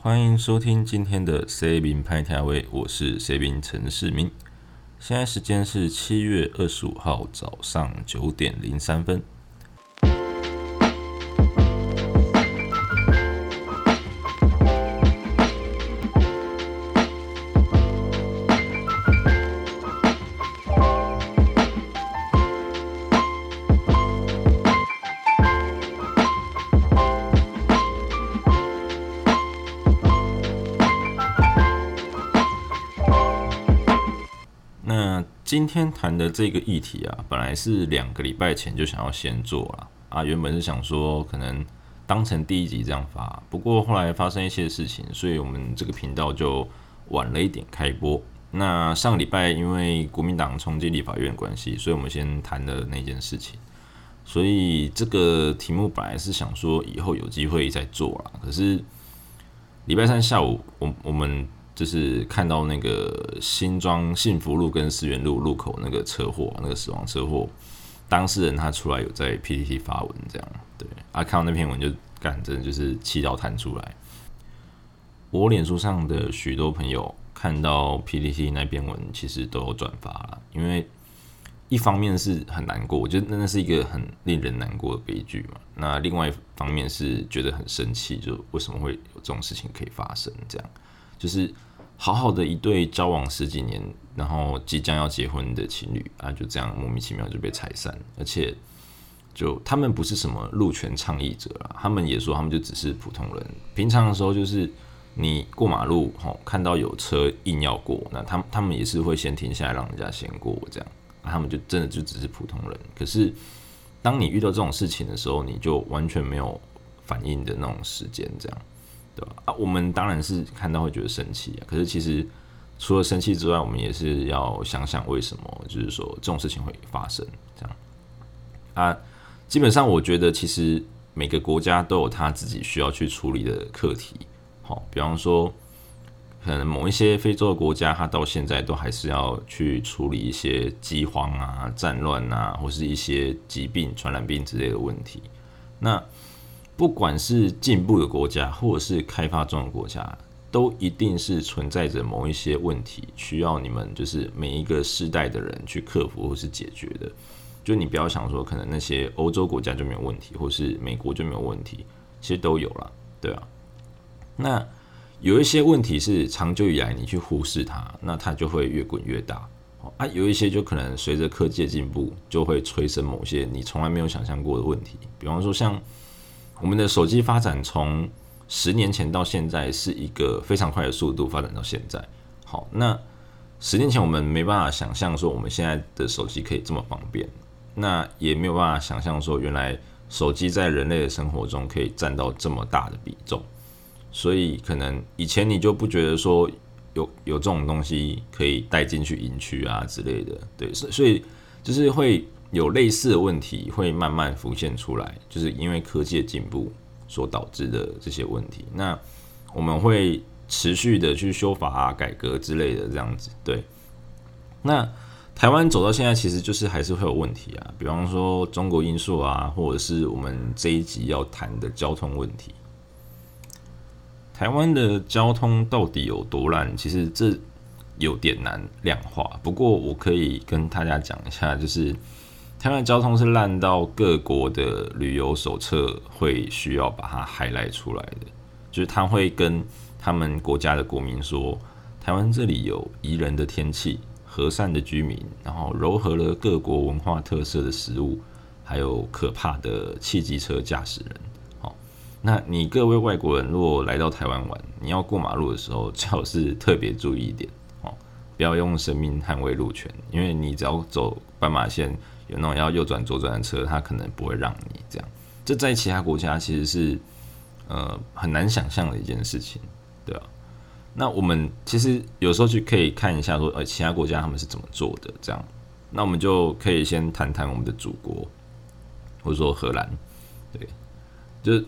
歡迎收聽今天的《賤民派對》，我是賤民陳世明，現在時間是七月二十五號早上九點零三分。今天談的這個議題啊，本來是兩個禮拜前就想要先做了啊，原本是想說可能當成第一集這樣發，不過後來發生一些事情，所以我們這個頻道就晚了一點開播。那上禮拜因為國民黨衝擊立法院關係，所以我們先談的那件事情，所以這個題目本來是想說以後有機會再做了，可是禮拜三下午我我們。就是看到那個新莊幸福路跟思源路路口那個車禍，那個死亡車禍，當事人他出來有在 PTT 發文這樣，對啊，看到那篇文就感覺就是氣到彈出來。我臉書上的許多朋友看到 PTT 那篇文，其實都有轉發了，因為一方面是很難過，我覺得那那是一個很令人難過的悲劇嘛。那另外一方面是覺得很生氣，就為什麼會有這種事情可以發生？這樣就是。好好的一對交往十幾年，然後即將要結婚的情侶啊，就這樣莫名其妙就被拆散，而且就他們不是什麼路權倡議者啊，他們也說他們就只是普通人，平常的時候就是你過馬路哈、喔，看到有車硬要過，那他們他們也是會先停下來讓人家先過這樣，啊、他們就真的就只是普通人，可是當你遇到這種事情的時候，你就完全沒有反應的那種時間這樣。對吧？啊，我們當然是看到會覺得生氣啊。可是其實除了生氣之外，我們也是要想想為什麼，就是說這種事情會發生這樣。啊，基本上我覺得其實每個國家都有他自己需要去處理的課題。好，比方說，可能某一些非洲的國家，他到現在都還是要去處理一些饑荒啊、戰亂啊，或是一些疾病、傳染病之類的問題。那不管是進步的國家，或者是開發中的國家，都一定是存在着某一些問題，需要你們就是每一個世代的人去克服或是解決的。就你不要想說，可能那些歐洲國家就沒有問題，或是美國就沒有問題，其實都有了，對啊。那有一些問題是長久以來你去忽視它，那它就會越滾越大。啊，有一些就可能隨着科技的進步，就會催生某些你從來沒有想象過的問題，比方說像。我們的手機發展從十年前到現在是一個非常快的速度發展到現在。好，那十年前我們沒辦法想象說我們現在的手機可以這麼方便，那也沒有辦法想象說原來手機在人類的生活中可以占到這麼大的比重。所以可能以前你就不覺得說有有這種東西可以帶進去營區啊之類的，對，所所以就是會。有類似的問題會慢慢浮現出來，就是因為科技的進步所導致的這些問題。那我們會持續的去修法啊、改革之類的這樣子。對，那台灣走到現在，其實就是還是會有問題啊。比方說中國因素啊，或者是我們這一集要談的交通問題。台灣的交通到底有多爛？其實這有點難量化。不過我可以跟大家講一下，就是。台灣交通是爛到各國的旅遊手冊會需要把它 highlight 出來的，就是他會跟他們國家的國民說，台灣這裡有宜人的天氣、和善的居民，然後糅合了各國文化特色的食物，還有可怕的汽機車駕駛人。哦，那你各位外國人如果來到台灣玩，你要過馬路的時候最好是特別注意一點哦，不要用生命捍衛路權，因為你只要走斑馬線。有那種要右轉左轉的車，它可能不會讓你這樣。這在其他國家其實是呃很難想象的一件事情，對吧、啊？那我們其實有時候去可以看一下說，說呃其他國家他們是怎麼做的這樣。那我們就可以先談談我們的祖國，或者說荷蘭，對，就是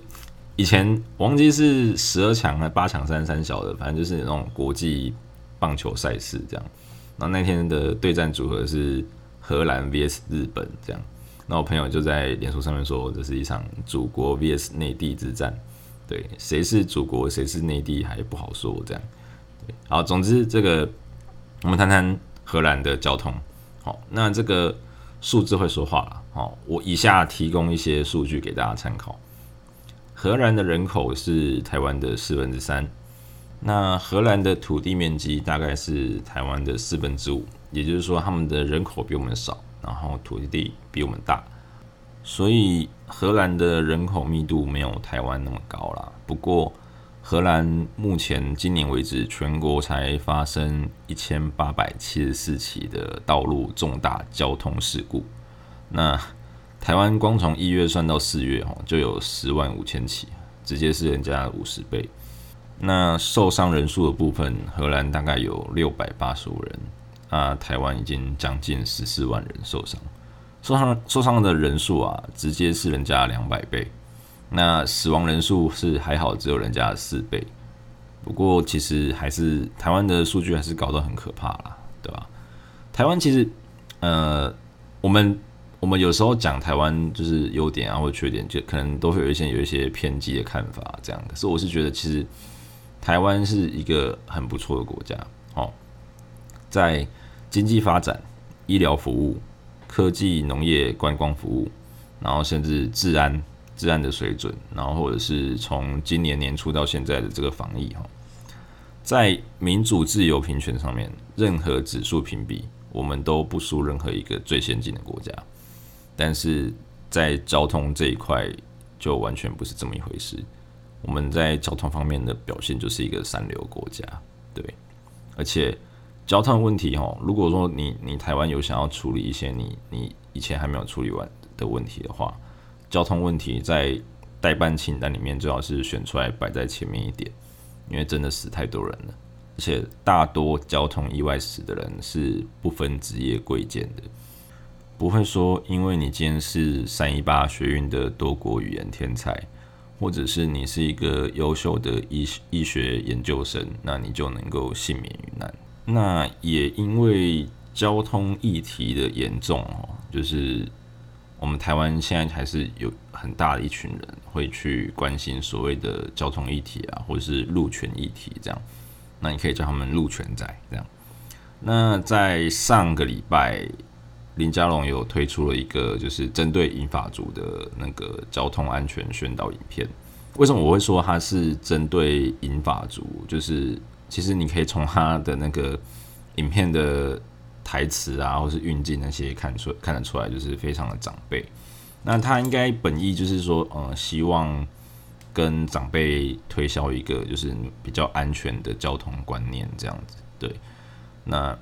以前我忘記是十二強還是八強三三小的，反正就是那種國際棒球賽事這樣。那那天的對戰組合是。荷蘭 VS 日本這樣，那我朋友就在臉書上面說，這是一場祖國 VS 內地之戰，對，誰是祖國，誰是內地還不好說，這樣，對，好，總之這個我們談談荷蘭的交通，好，那這個數字會說話了，好，我以下提供一些數據給大家參考，荷蘭的人口是台灣的四分之三，那荷蘭的土地面積大概是台灣的四分之五。也就是說，他們的人口比我們少，然後土地比我們大，所以荷蘭的人口密度沒有台灣那麼高啦，不過，荷蘭目前今年為止，全國才發生一千八百七十四起的道路重大交通事故。那台灣光從一月算到四月，哦，就有十萬五千起，直接是人家五十倍。那受傷人數的部分，荷蘭大概有六百八十五人。啊，台灣已經將近十四萬人受傷，受傷受傷的人數啊，直接是人家兩百倍。那死亡人數是還好，只有人家四倍。不過其實還是台灣的數據還是搞得很可怕啦，對吧？台灣其實，呃，我們我們有時候講台灣就是優點啊，或缺點，就可能都會有一些有一些偏激的看法這樣。可是我是覺得，其實台灣是一個很不錯的國家哦，在。經濟發展、醫療服務、科技、農業、觀光服務，然後甚至治安、治安的水準，然後或者是從今年年初到現在的這個防疫哈，在民主、自由、平權上面，任何指數評比，我們都不輸任何一個最先進的國家。但是在交通這一塊，就完全不是這麼一回事。我們在交通方面的表現，就是一個三流國家。對，而且。交通問題、哦，吼，如果說你你台灣有想要處理一些你你以前還沒有處理完的問題的話，交通問題在待辦清單裡面最好是選出來擺在前面一點，因為真的死太多人了，而且大多交通意外死的人是不分職業貴賤的，不會說因為你今天是三一八學運的多國語言天才，或者是你是一個優秀的醫醫學研究生，那你就能夠幸免於難。那也因為交通議題的嚴重哦，就是我們台灣現在還是有很大的一群人會去關心所謂的交通議題啊，或者是路權議題這樣。那你可以叫他們“路權仔”這樣。那在上個禮拜，林佳龍有推出了一個就是針對銀髮族的那個交通安全宣導影片。為什麼我會說它是針對銀髮族？就是。其實你可以從他的那個影片的台詞啊，或是運鏡那些看出、看得出來，就是非常的長輩。那他應該本意就是說，嗯、呃，希望跟長輩推銷一個就是比較安全的交通觀念這樣子。對，那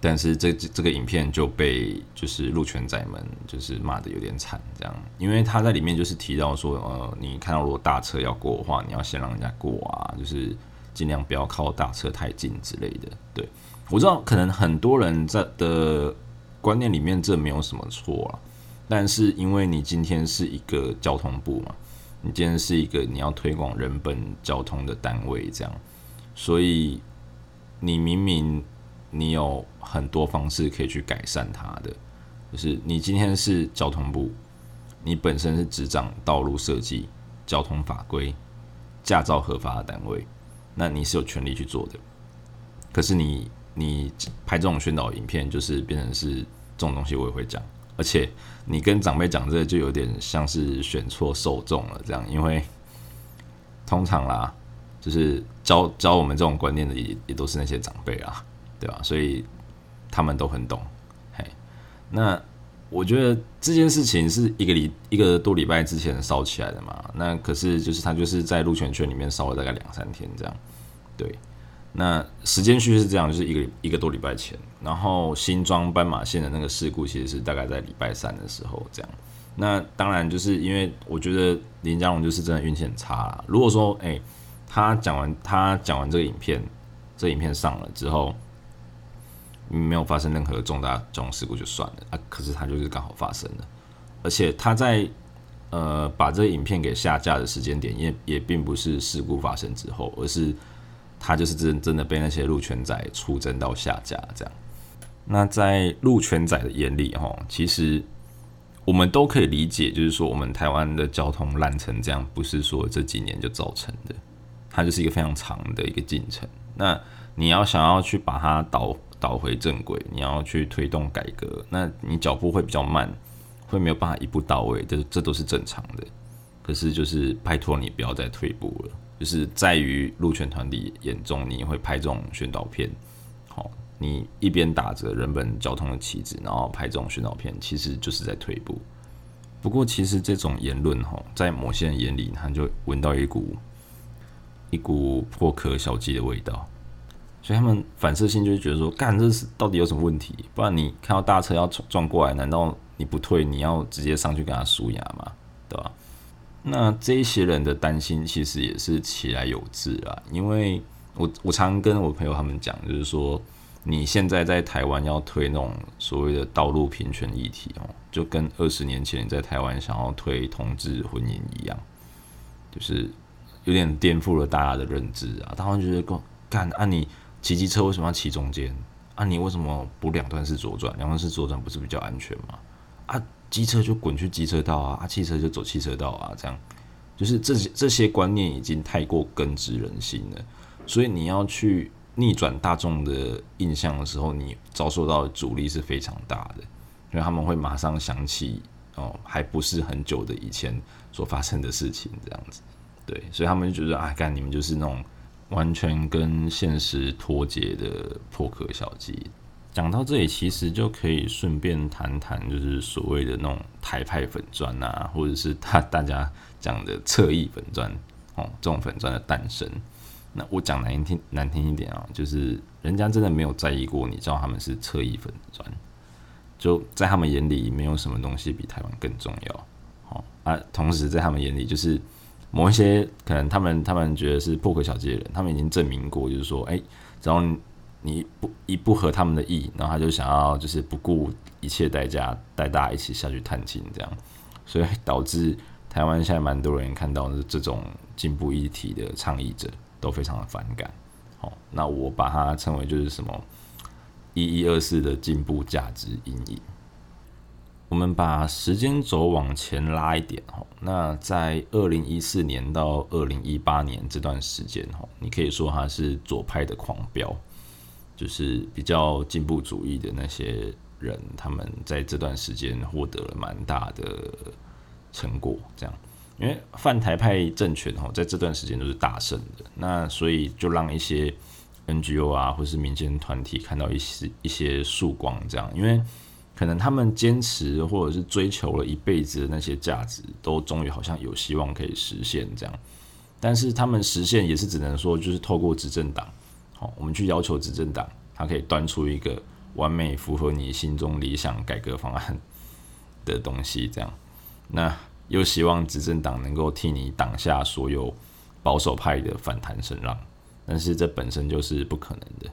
但是這這個影片就被就是路權仔們就是罵得有點慘，這樣，因為他在裡面就是提到說，呃，你看到如果大車要過的話，你要先讓人家過啊，就是。盡量不要靠大車太近之類的。對，我知道，可能很多人在的觀念裡面，這沒有什麼錯啊。但是因為你今天是一個交通部嘛，你今天是一個你要推廣人本交通的單位，這樣，所以你明明你有很多方式可以去改善它的。就是你今天是交通部，你本身是執掌道路設計、交通法規、駕照核發的單位。那你是有權利去做的，可是你你拍這種宣導影片，就是變成是這種東西，我也會講。而且你跟長輩講這個，就有點像是選錯受眾了，這樣，因為通常啦，就是教教我們這種觀念的也，也也都是那些長輩啊，對吧？所以他們都很懂。嘿，那。我覺得這件事情是一個禮一個多禮拜之前燒起來的嘛，那可是就是他就是在路權圈裡面燒了大概兩三天這樣，對，那時間序是這樣，就是一個一個多禮拜前，然後新莊斑馬線的那個事故其實是大概在禮拜三的時候這樣，那當然就是因為我覺得林家龍就是真的運氣很差了，如果說哎、欸、他講完他講完這個影片，這個、影片上了之後。沒有發生任何重大交通事故就算了啊！可是它就是剛好發生了，而且他在呃把這個影片給下架的時間點也，也也並不是事故發生之後，而是他就是真的真的被那些路權仔出征到下架這樣。那在路權仔的眼裡，哈，其實我們都可以理解，就是說我們台灣的交通爛成這樣，不是說這幾年就造成的，它就是一個非常長的一個進程。那你要想要去把它導。導回正軌，你要去推動改革，那你腳步會比較慢，會沒有辦法一步到位，這這都是正常的。可是就是拜托你不要再退步了，就是在於路權團體眼中，你會拍這種宣導片，好，你一邊打着人本交通的旗幟，然後拍這種宣導片，其實就是在退步。不過其實這種言論哈，在某些人眼裡，他就聞到一股一股破殼小雞的味道。所以他們反射性就是覺得說，幹這是到底有什麼問題？不然你看到大車要撞過來，難道你不退？你要直接上去跟他輸贏嗎？對吧？那這一些人的擔心其實也是其來有自啊。因為我我常跟我朋友他們講，就是說你現在在台灣要推那種所謂的道路平權議題哦、喔，就跟二十年前在台灣想要推同志婚姻一樣，就是有點顛覆了大家的認知啊。他們覺得說，幹啊你。騎機車為什麼要騎中間啊？你為什麼不兩段式左轉？兩段式左轉不是比較安全嗎？啊，機車就滾去機車道啊，啊，汽車就走汽車道啊，這樣，就是這些這些觀念已經太過根植人心了。所以你要去逆轉大眾的印象的時候，你遭受到的阻力是非常大的，因為他們會馬上想起哦，還不是很久的以前所發生的事情，這樣子，對，所以他們就覺得啊，幹你們就是那種。完全跟現實脫節的破殼小雞，講到這裡，其實就可以順便談談，就是所謂的那種台派粉專啊，或者是大大家講的側翼粉專哦，這種粉專的誕生。那我講難聽難聽一點啊，就是人家真的沒有在意過，你知道他們是側翼粉專，就在他們眼裡沒有什麼東西比台灣更重要，哦，啊。同時在他們眼裡就是。某一些可能他們他們覺得是不可小覷的人，他們已經證明過，就是說，哎、欸，只要你不一不合他們的意，然後他就想要就是不顧一切代價帶大家一起下去探親這樣，所以導致台灣現在蠻多人看到的這種進步議題的倡議者都非常的反感。好、哦，那我把它稱為就是什麼一一二四的進步價值陰影。我們把時間軸往前拉一點哦，那在二零一四年到二零一八年這段時間，你可以說它是左派的狂飆，就是比較進步主義的那些人，他們在這段時間獲得了蠻大的成果，這樣，因為泛台派政權哦在這段時間都是大勝的，那所以就讓一些 NGO 啊，或是民間團體看到一些一些曙光，這樣，因為。可能他們堅持或者是追求了一輩子的那些價值，都終於好像有希望可以實現這樣，但是他們實現也是只能說就是透過執政黨，好、哦，我們去要求執政黨，它可以端出一個完美符合你心中理想改革方案的東西這樣，那又希望執政黨能夠替你擋下所有保守派的反彈聲浪，但是這本身就是不可能的，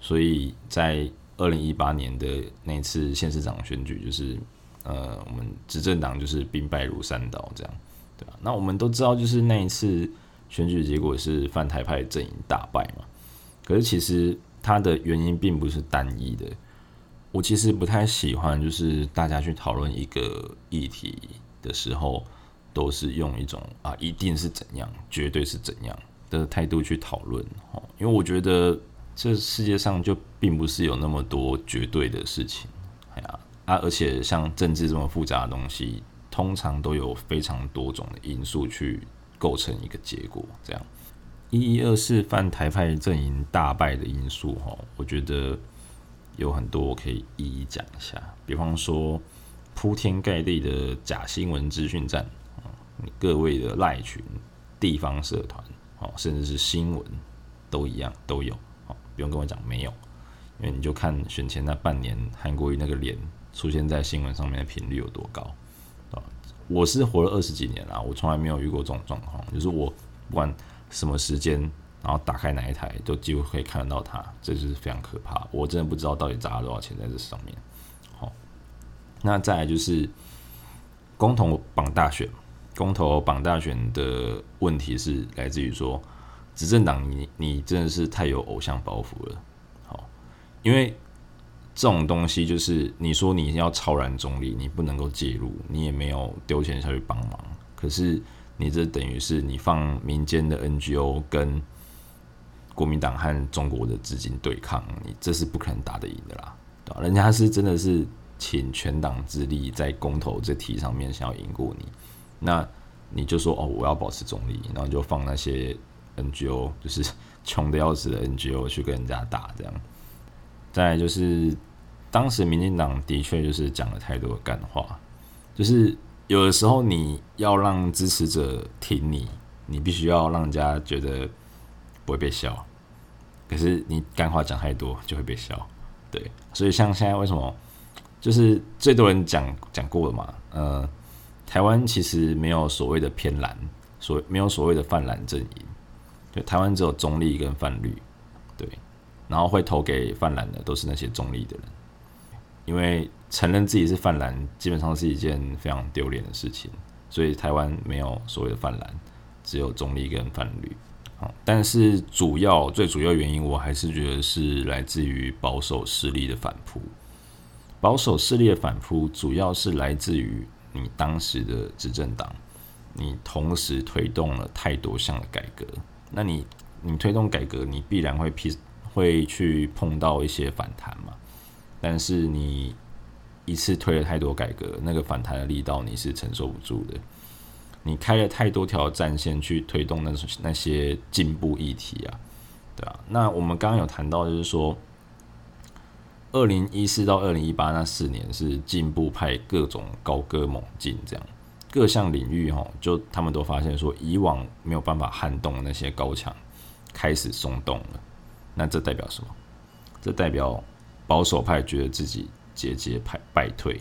所以在。二零一八年的那一次縣市長選舉，就是呃，我們執政黨就是兵敗如山倒這樣，對吧、啊？那我們都知道，就是那一次選舉結果是泛台派陣營大敗嘛。可是其實它的原因並不是單一的。我其實不太喜歡，就是大家去討論一個議題的時候，都是用一種啊“一定是怎樣、絕對是怎樣”的態度去討論哦，因為我覺得。這世界上就並不是有那麼多絕對的事情，哎呀、啊，啊，而且像政治這麼複雜的東西，通常都有非常多種的因素去構成一個結果。這樣，一一二四泛台派陣營大敗的因素，哈，我覺得有很多，我可以一一講一下。比方說，鋪天蓋地的假新聞資訊戰，啊，各位的賴群、地方社團，哦，甚至是新聞，都一樣都有。不用跟我講，沒有，因為你就看選前那半年，韓國瑜那個臉出現在新聞上面的頻率有多高啊！我是活了二十幾年了，我從來沒有遇過這種狀況，就是我不管什麼時間，然後打開哪一台，都幾乎可以看得到它，這就是非常可怕。我真的不知道到底砸了多少錢在這上面。好、哦，那再來就是公投綁大選，公投綁大選的問題是來自於說。執政黨，你你真的是太有偶像包袱了，好，因為這種東西就是你說你要超然中立，你不能夠介入，你也沒有丟錢下去幫忙，可是你這等於是你放民間的 NGO 跟國民黨和中國的資金對抗，你這是不可能打得贏的啦，對吧？人家是真的是請全黨之力在公投這題上面想要贏過你，那你就說哦，我要保持中立，然後就放那些。NGO 就是窮的要死的 NGO 去跟人家打這樣，再來就是當時民進黨的確就是講了太多的幹話，就是有的時候你要讓支持者挺你，你必須要讓人家覺得不會被笑，可是你幹話講太多就會被笑，對，所以像現在為什麼就是最多人講講過了嘛，呃，台灣其實沒有所謂的偏藍，所沒有所謂的泛藍陣營。對，台灣只有中立跟泛綠，對，然後會投給泛藍的都是那些中立的人，因為承認自己是泛藍基本上是一件非常丟臉的事情，所以台灣沒有所謂的泛藍，只有中立跟泛綠。好，但是主要最主要原因，我還是覺得是來自於保守勢力的反撲。保守勢力的反撲，主要是來自於你當時的執政黨，你同時推動了太多項的改革。那你你推動改革，你必然會批，會去碰到一些反彈嘛。但是你一次推了太多改革，那個反彈的力道你是承受不住的。你開了太多條戰線去推動那那些進步議題啊，對啊。那我們剛剛有談到，就是說，2014到2018那四年是進步派各種高歌猛進這樣。各項領域哈，就他們都發現說，以往沒有辦法撼動那些高牆，開始鬆動了。那這代表什麼？這代表保守派覺得自己節節敗敗退，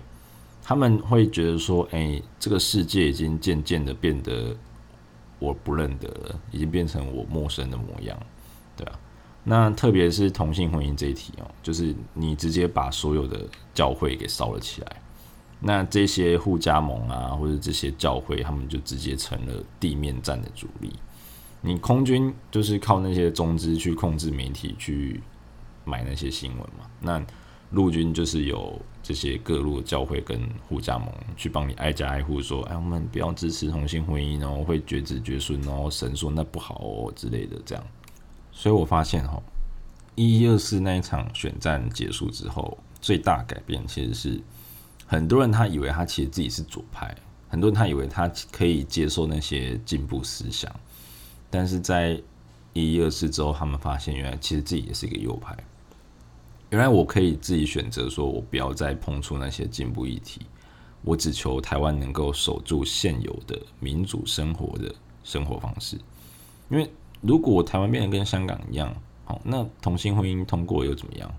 他們會覺得說，哎、欸，這個世界已經漸漸的變得我不認得了，已經變成我陌生的模樣，對啊。那特別是同性婚姻這一題哦，就是你直接把所有的教會給燒了起來。那這些護家盟啊，或者這些教會，他們就直接成了地面戰的主力。你空軍就是靠那些中資去控制媒體，去買那些新聞嘛。那陸軍就是有這些各路教會跟護家盟去幫你挨家挨戶說：“哎，我們不要支持同性婚姻哦，會絕子絕孫哦，神說那不好哦之類的。”這樣。所以我發現哦，一一二四那一場選戰結束之後，最大改變其實是。很多人他以為他其實自己是左派，很多人他以為他可以接受那些進步思想，但是在一一二四之後，他們發現原來其實自己也是一個右派。原來我可以自己選擇，說我不要再碰觸那些進步議題，我只求台灣能夠守住現有的民主生活的生活方式。因為如果台灣變得跟香港一樣好，那同性婚姻通過又怎麼樣？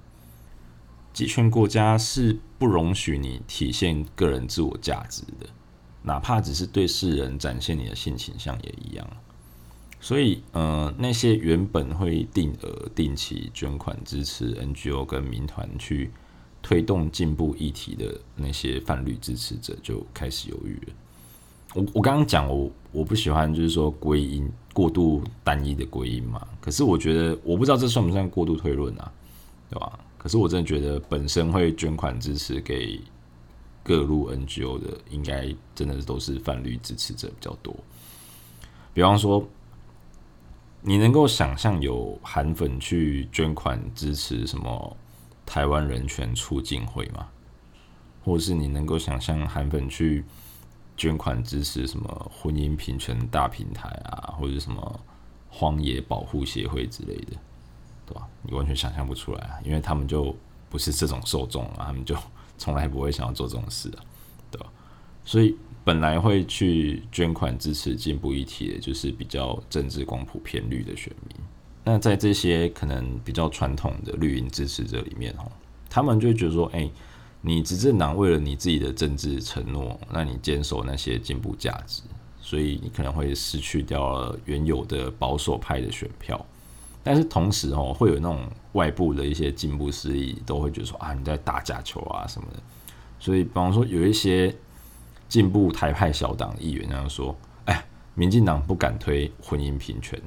集權國家是不容許你體現個人自我價值的，哪怕只是對世人展現你的性傾向也一樣。所以，呃，那些原本會定額定期捐款支持 NGO 跟民團去推動進步議題的那些泛綠支持者，就開始猶豫了。我我剛剛講我我不喜歡就是說歸因過度單一的歸因嘛，可是我覺得我不知道這算不算過度推論啊，對吧？可是我真的覺得，本身會捐款支持給各路 NGO 的，應該真的都是泛綠支持者比較多。比方說，你能夠想象有韓粉去捐款支持什麼台灣人權促進會嗎？或者是你能夠想象韓粉去捐款支持什麼婚姻平權大平台啊，或者是什麼荒野保護協會之類的？對吧？你完全想象不出來啊，因為他們就不是這種受眾啊，他們就從來不會想要做這種事啊，對吧？所以本來會去捐款支持進步議題的，就是比較政治光譜偏綠的選民。那在這些可能比較傳統的綠營支持者裡面哦，他們就覺得說，哎，你執政黨為了你自己的政治承諾，那你堅守那些進步價值，所以你可能會失去掉了原有的保守派的選票。但是同時哦，會有那種外部的一些進步勢力都會覺得說啊，你在打假球啊什麼的。所以，比方說有一些進步台派小黨議員這樣說：“哎，民進黨不敢推婚姻平權，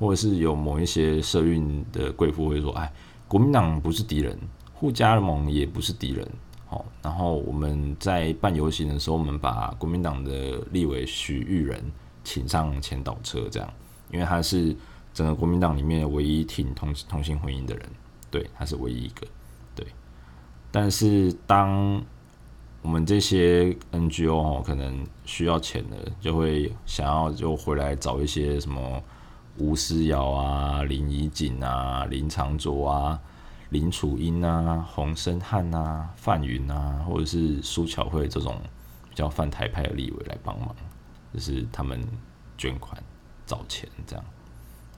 或者是有某一些社運的貴婦會說：哎，國民黨不是敵人，護家盟也不是敵人。好、哦，然後我們在辦遊行的時候，我們把國民黨的立委許毓仁請上前導車，這樣，因為他是。”整個國民黨裡面唯一挺同同性婚姻的人，對，他是唯一一個，對。但是當我們這些 NGO、哦、可能需要錢的，就會想要就回來找一些什麼吳思瑤啊、林宜瑾啊、林昶佐啊、林楚茵啊、洪申翰啊、范雲啊，或者是蘇巧慧這種比較泛台派的立委來幫忙，就是他們捐款找錢這樣。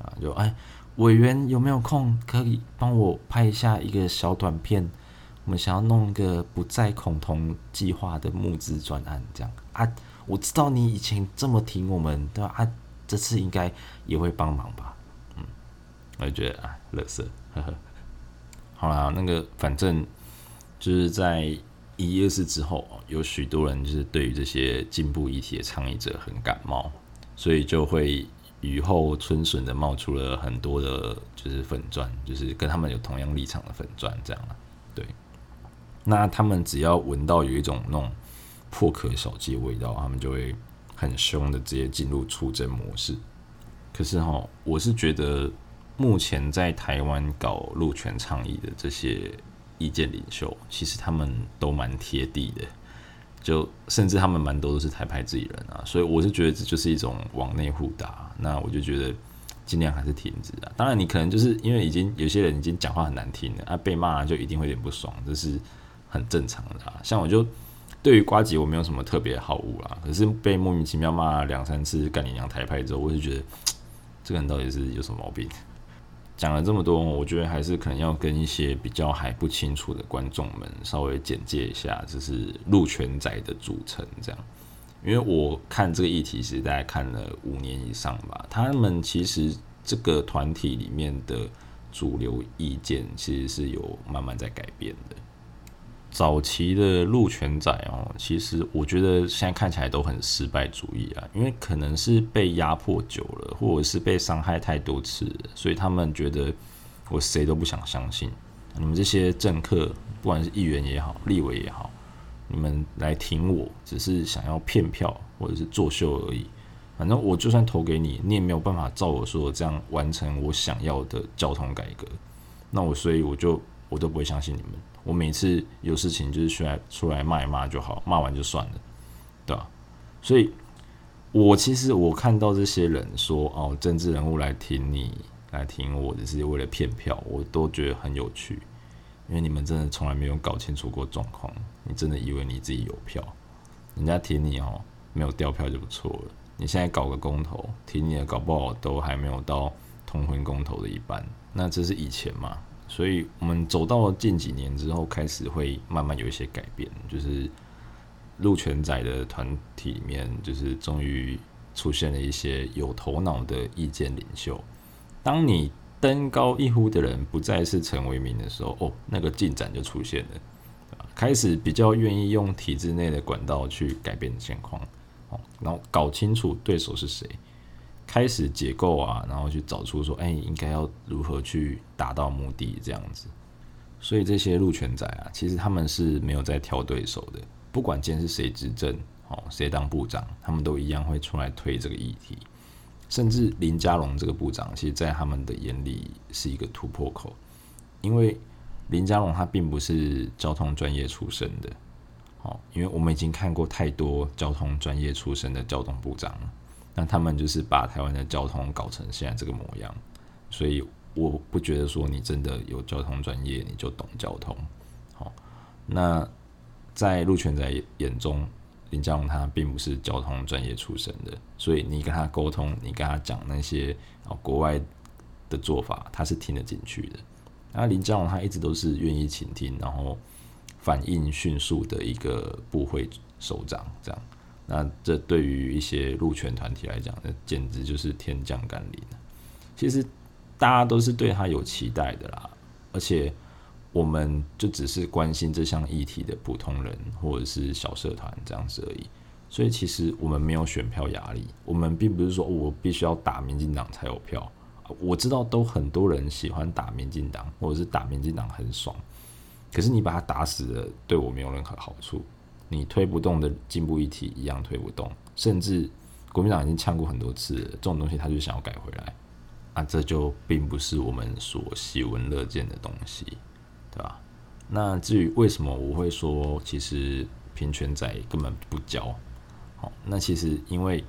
啊，就哎，委員有沒有空可以幫我拍一下一個小短片？我們想要弄一個不再恐同計劃的募資專案，這樣啊，我知道你以前這麼挺我們，對吧、啊？啊，這次應該也會幫忙吧？嗯，我就覺得啊，樂、哎、色，呵呵。好啦，那個反正就是在一、二次之後，有許多人就是對於這些進步議題的倡議者很感冒，所以就會。雨後春筍的冒出了很多的，就是粉鑽，就是跟他們有同樣立場的粉鑽，這樣、啊、對，那他們只要聞到有一種那種破殼手機的味道，他們就會很凶的直接進入出征模式。可是哈，我是覺得目前在台灣搞路權倡議的這些意見領袖，其實他們都蠻貼地的。就甚至他們蠻多都是台派自己人啊，所以我是覺得這就是一種網內互打，那我就覺得盡量還是停止啊。當然你可能就是因為已經有些人已經講話很難聽了啊，被罵就一定會有點不爽，這是很正常的啊。像我就對於呱吉我沒有什麼特別好惡啊，可是被莫名其妙罵兩三次幹你娘台派之後，我就覺得這個人到底是有什麼毛病？講了這麼多，我覺得還是可能要跟一些比較還不清楚的觀眾們稍微簡介一下，就是路權仔的組成這樣。因為我看這個議題是大概看了五年以上吧，他們其實這個團體裡面的主流意見其實是有慢慢在改變的。早期的路權仔哦，其實我覺得現在看起來都很失敗主義啊，因為可能是被壓迫久了，或者是被傷害太多次，所以他們覺得我誰都不想相信，你們這些政客，不管是議員也好，立委也好，你們來挺我，只是想要騙票或者是作秀而已。反正我就算投給你，你也沒有辦法照我說這樣完成我想要的交通改革。那我所以我就我都不會相信你們。.我每次有事情就是出來出來罵一罵就好，罵完就算了，對吧，啊？所以，我其實我看到這些人說哦，政治人物來挺你來挺我的，只是為了騙票，我都覺得很有趣，因為你們真的從來沒有搞清楚過狀況，你真的以為你自己有票，人家挺你哦，沒有掉票就不錯了。你現在搞個公投，挺你的搞不好都還沒有到同婚公投的一半，那這是以前嘛？所以我們走到近幾年之後，開始會慢慢有一些改變，就是路權仔的團體裡面，就是終於出現了一些有頭腦的意見領袖。當你登高一呼的人不再是陳為民的時候，哦，那個進展就出現了，開始比較願意用體制內的管道去改變的情況，哦，然後搞清楚對手是誰。開始解構啊，然後去找出說，哎、欸，應該要如何去達到目的這樣子。所以這些路權仔啊，其實他們是沒有在挑對手的，不管今天是誰執政，哦，誰當部長，他們都一樣會出來推這個議題。甚至林佳龍這個部長，其實，在他們的眼裡是一個突破口，因為林佳龍他並不是交通專業出身的，哦，因為我們已經看過太多交通專業出身的交通部長了。那他們就是把台灣的交通搞成現在這個模樣，所以我不覺得說你真的有交通專業你就懂交通。好，那在路權仔眼中，林佳龍他並不是交通專業出身的，所以你跟他溝通，你跟他講那些啊國外的做法，他是聽得進去的。那林佳龍他一直都是願意傾聽，然後反應迅速的一個部會首長這樣。那這對於一些路權團體來講，那簡直就是天降甘霖。其實大家都是對他有期待的啦，而且我們就只是關心這項議題的普通人或者是小社團這樣子而已，所以其實我們沒有選票壓力。我們並不是說我必須要打民進黨才有票。我知道都很多人喜歡打民進黨，或者是打民進黨很爽，可是你把他打死了，對我沒有任何好處。你推不動的進步議題一樣推不動，甚至國民黨已經嗆過很多次，這種東西他就想要改回來，啊，這就並不是我們所喜聞樂見的東西，對吧？那至於為什麼我會說，其實平權仔根本不交，好、哦，那其實因為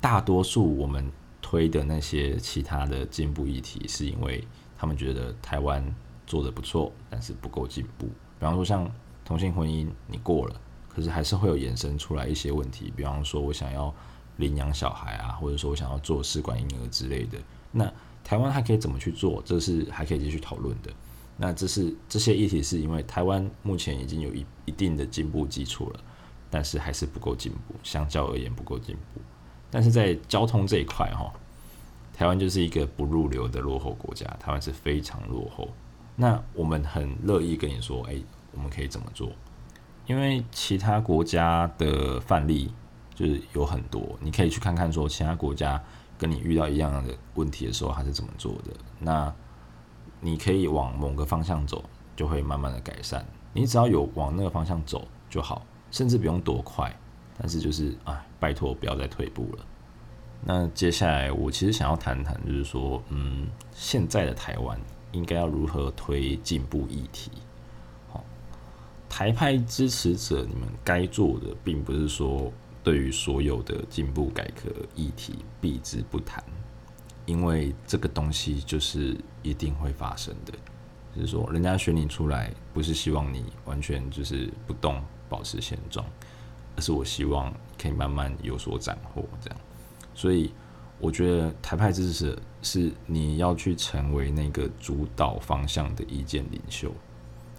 大多數我們推的那些其他的進步議題，是因為他們覺得台灣做得不錯，但是不夠進步，比方說像同性婚姻，你過了。可是還是會有衍生出來一些問題，比方說我想要領養小孩啊，或者說我想要做試管嬰兒之類的。那台灣還可以怎麼去做？這是還可以繼續討論的。那這是這些議題，是因為台灣目前已經有一一定的進步基礎了，但是還是不夠進步，相較而言不夠進步。但是在交通這一塊哈，台灣就是一個不入流的落後國家，台灣是非常落後。那我們很樂意跟你說，哎、欸，我們可以怎麼做？因為其他國家的範例就是有很多，你可以去看看說其他國家跟你遇到一樣樣的問題的時候，他是怎麼做的。那你可以往某個方向走，就會慢慢的改善。你只要有往那個方向走就好，甚至不用多快，但是就是啊，拜託不要再退步了。那接下來我其實想要談談，就是說，嗯，現在的台灣應該要如何推進步議題？台派支持者，你們該做的，並不是說，對於所有的進步改革議題避之不談，因為這個東西就是一定會發生的。就是說，人家選你出來，不是希望你完全就是不動、保持現狀，而是我希望可以慢慢有所斬獲。這樣，所以我覺得台派支持者是你要去成為那個主導方向的意見領袖。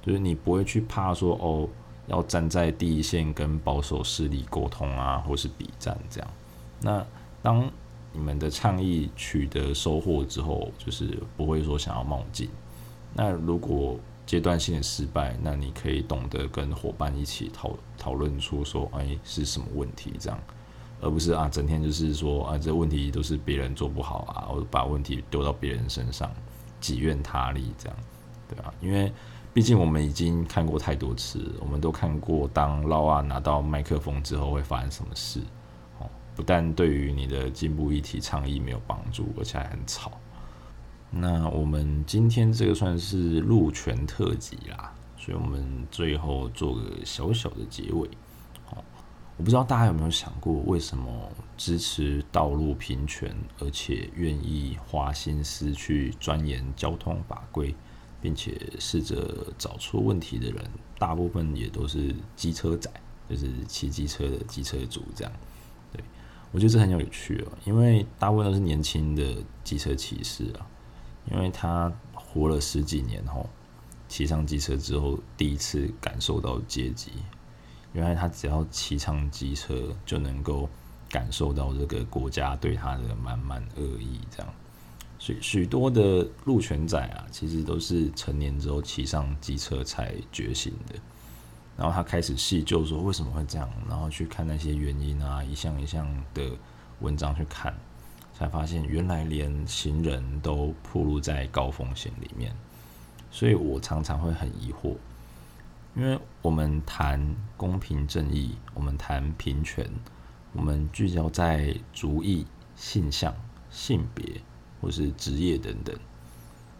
就是你不會去怕說哦，要站在第一線跟保守勢力溝通啊，或是比戰這樣。那當你們的倡議取得收穫之後，就是不會說想要冒進。那如果階段性的失敗，那你可以懂得跟夥伴一起討討論出說，哎、欸，是什麼問題這樣，而不是啊整天就是說啊這問題都是別人做不好啊，我把問題丟到別人身上，己怨他力這樣，對啊，因為畢竟我們已經看過太多次，我們都看過當勞阿、啊、拿到麥克風之後會發生什麼事。哦，不但對於你的進步議題倡議沒有幫助，而且還很吵。那我們今天這個算是路權特輯啦，所以我們最後做個小小的結尾。哦，我不知道大家有沒有想過，為什麼支持道路平權，而且願意花心思去鑽研交通法規？並且試着找出問題的人，大部分也都是機車仔，就是騎機車的機車主這樣。對，我覺得這很有趣哦，因為大部分都是年輕的機車騎士啊，因為他活了十幾年後，騎上機車之後，第一次感受到階級，原來他只要騎上機車，就能夠感受到這個國家對他的滿滿惡意這樣。許許多的鹿權仔啊，其實都是成年之後騎上機車才覺醒的。然後他開始細究說為什麼會這樣，然後去看那些原因啊，一項一項的文章去看，才發現原來連行人都暴露在高風險裡面。所以我常常會很疑惑，因為我們談公平正義，我們談平權，我們聚焦在族裔、性向、性別。或是職業等等，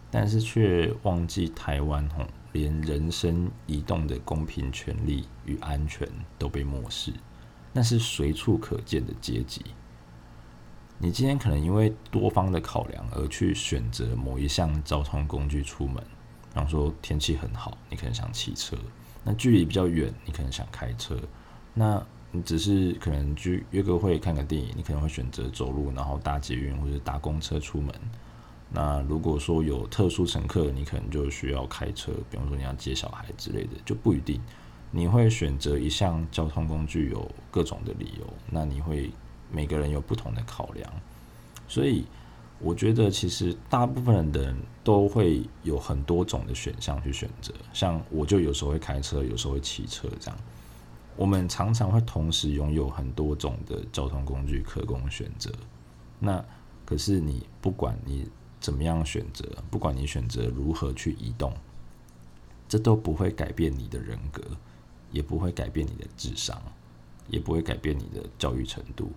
但是卻忘記台灣連人身移動的公平權利與安全都被漠視，那是隨處可見的階級。你今天可能因為多方的考量而去選擇某一項交通工具出門，然後說天氣很好，你可能想騎車；那距離比較遠，你可能想開車。那你只是可能去約個會看個電影，你可能會選擇走路，然後搭捷運或者搭公車出門。那如果說有特殊乘客，你可能就需要開車，比方說你要接小孩之類的，就不一定。你會選擇一項交通工具，有各種的理由。那你會每個人有不同的考量，所以我覺得其實大部分人的人都會有很多種的選項去選擇。像我就有時候會開車，有時候會騎車這樣。我們常常會同時擁有很多種的交通工具可供選擇，那可是你不管你怎麼樣選擇，不管你選擇如何去移動，這都不會改變你的人格，也不會改變你的智商，也不會改變你的教育程度，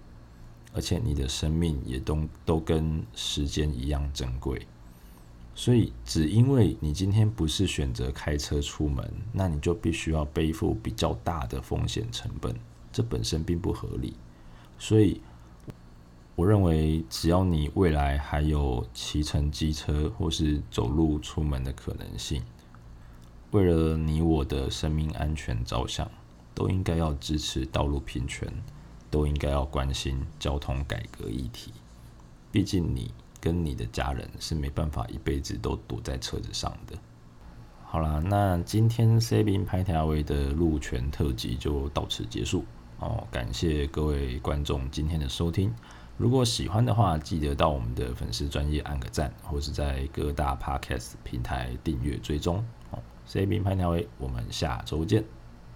而且你的生命也都都跟時間一樣珍貴。所以，只因為你今天不是選擇開車出門，那你就必須要背負比較大的風險成本，這本身並不合理。所以，我認為，只要你未來還有騎乘機車或是走路出門的可能性，為了你我的生命安全着想，都應該要支持道路平權，都應該要關心交通改革議題。畢竟你。跟你的家人是沒辦法一輩子都躲在車子上的。好啦，那今天 s C B 拍條尾的路權特輯就到此結束哦。感謝各位觀眾今天的收聽，如果喜歡的話，記得到我們的粉絲專頁按個讚，或是在各大 Podcast 平台訂閱追蹤哦。C B 拍條尾，我們下周見。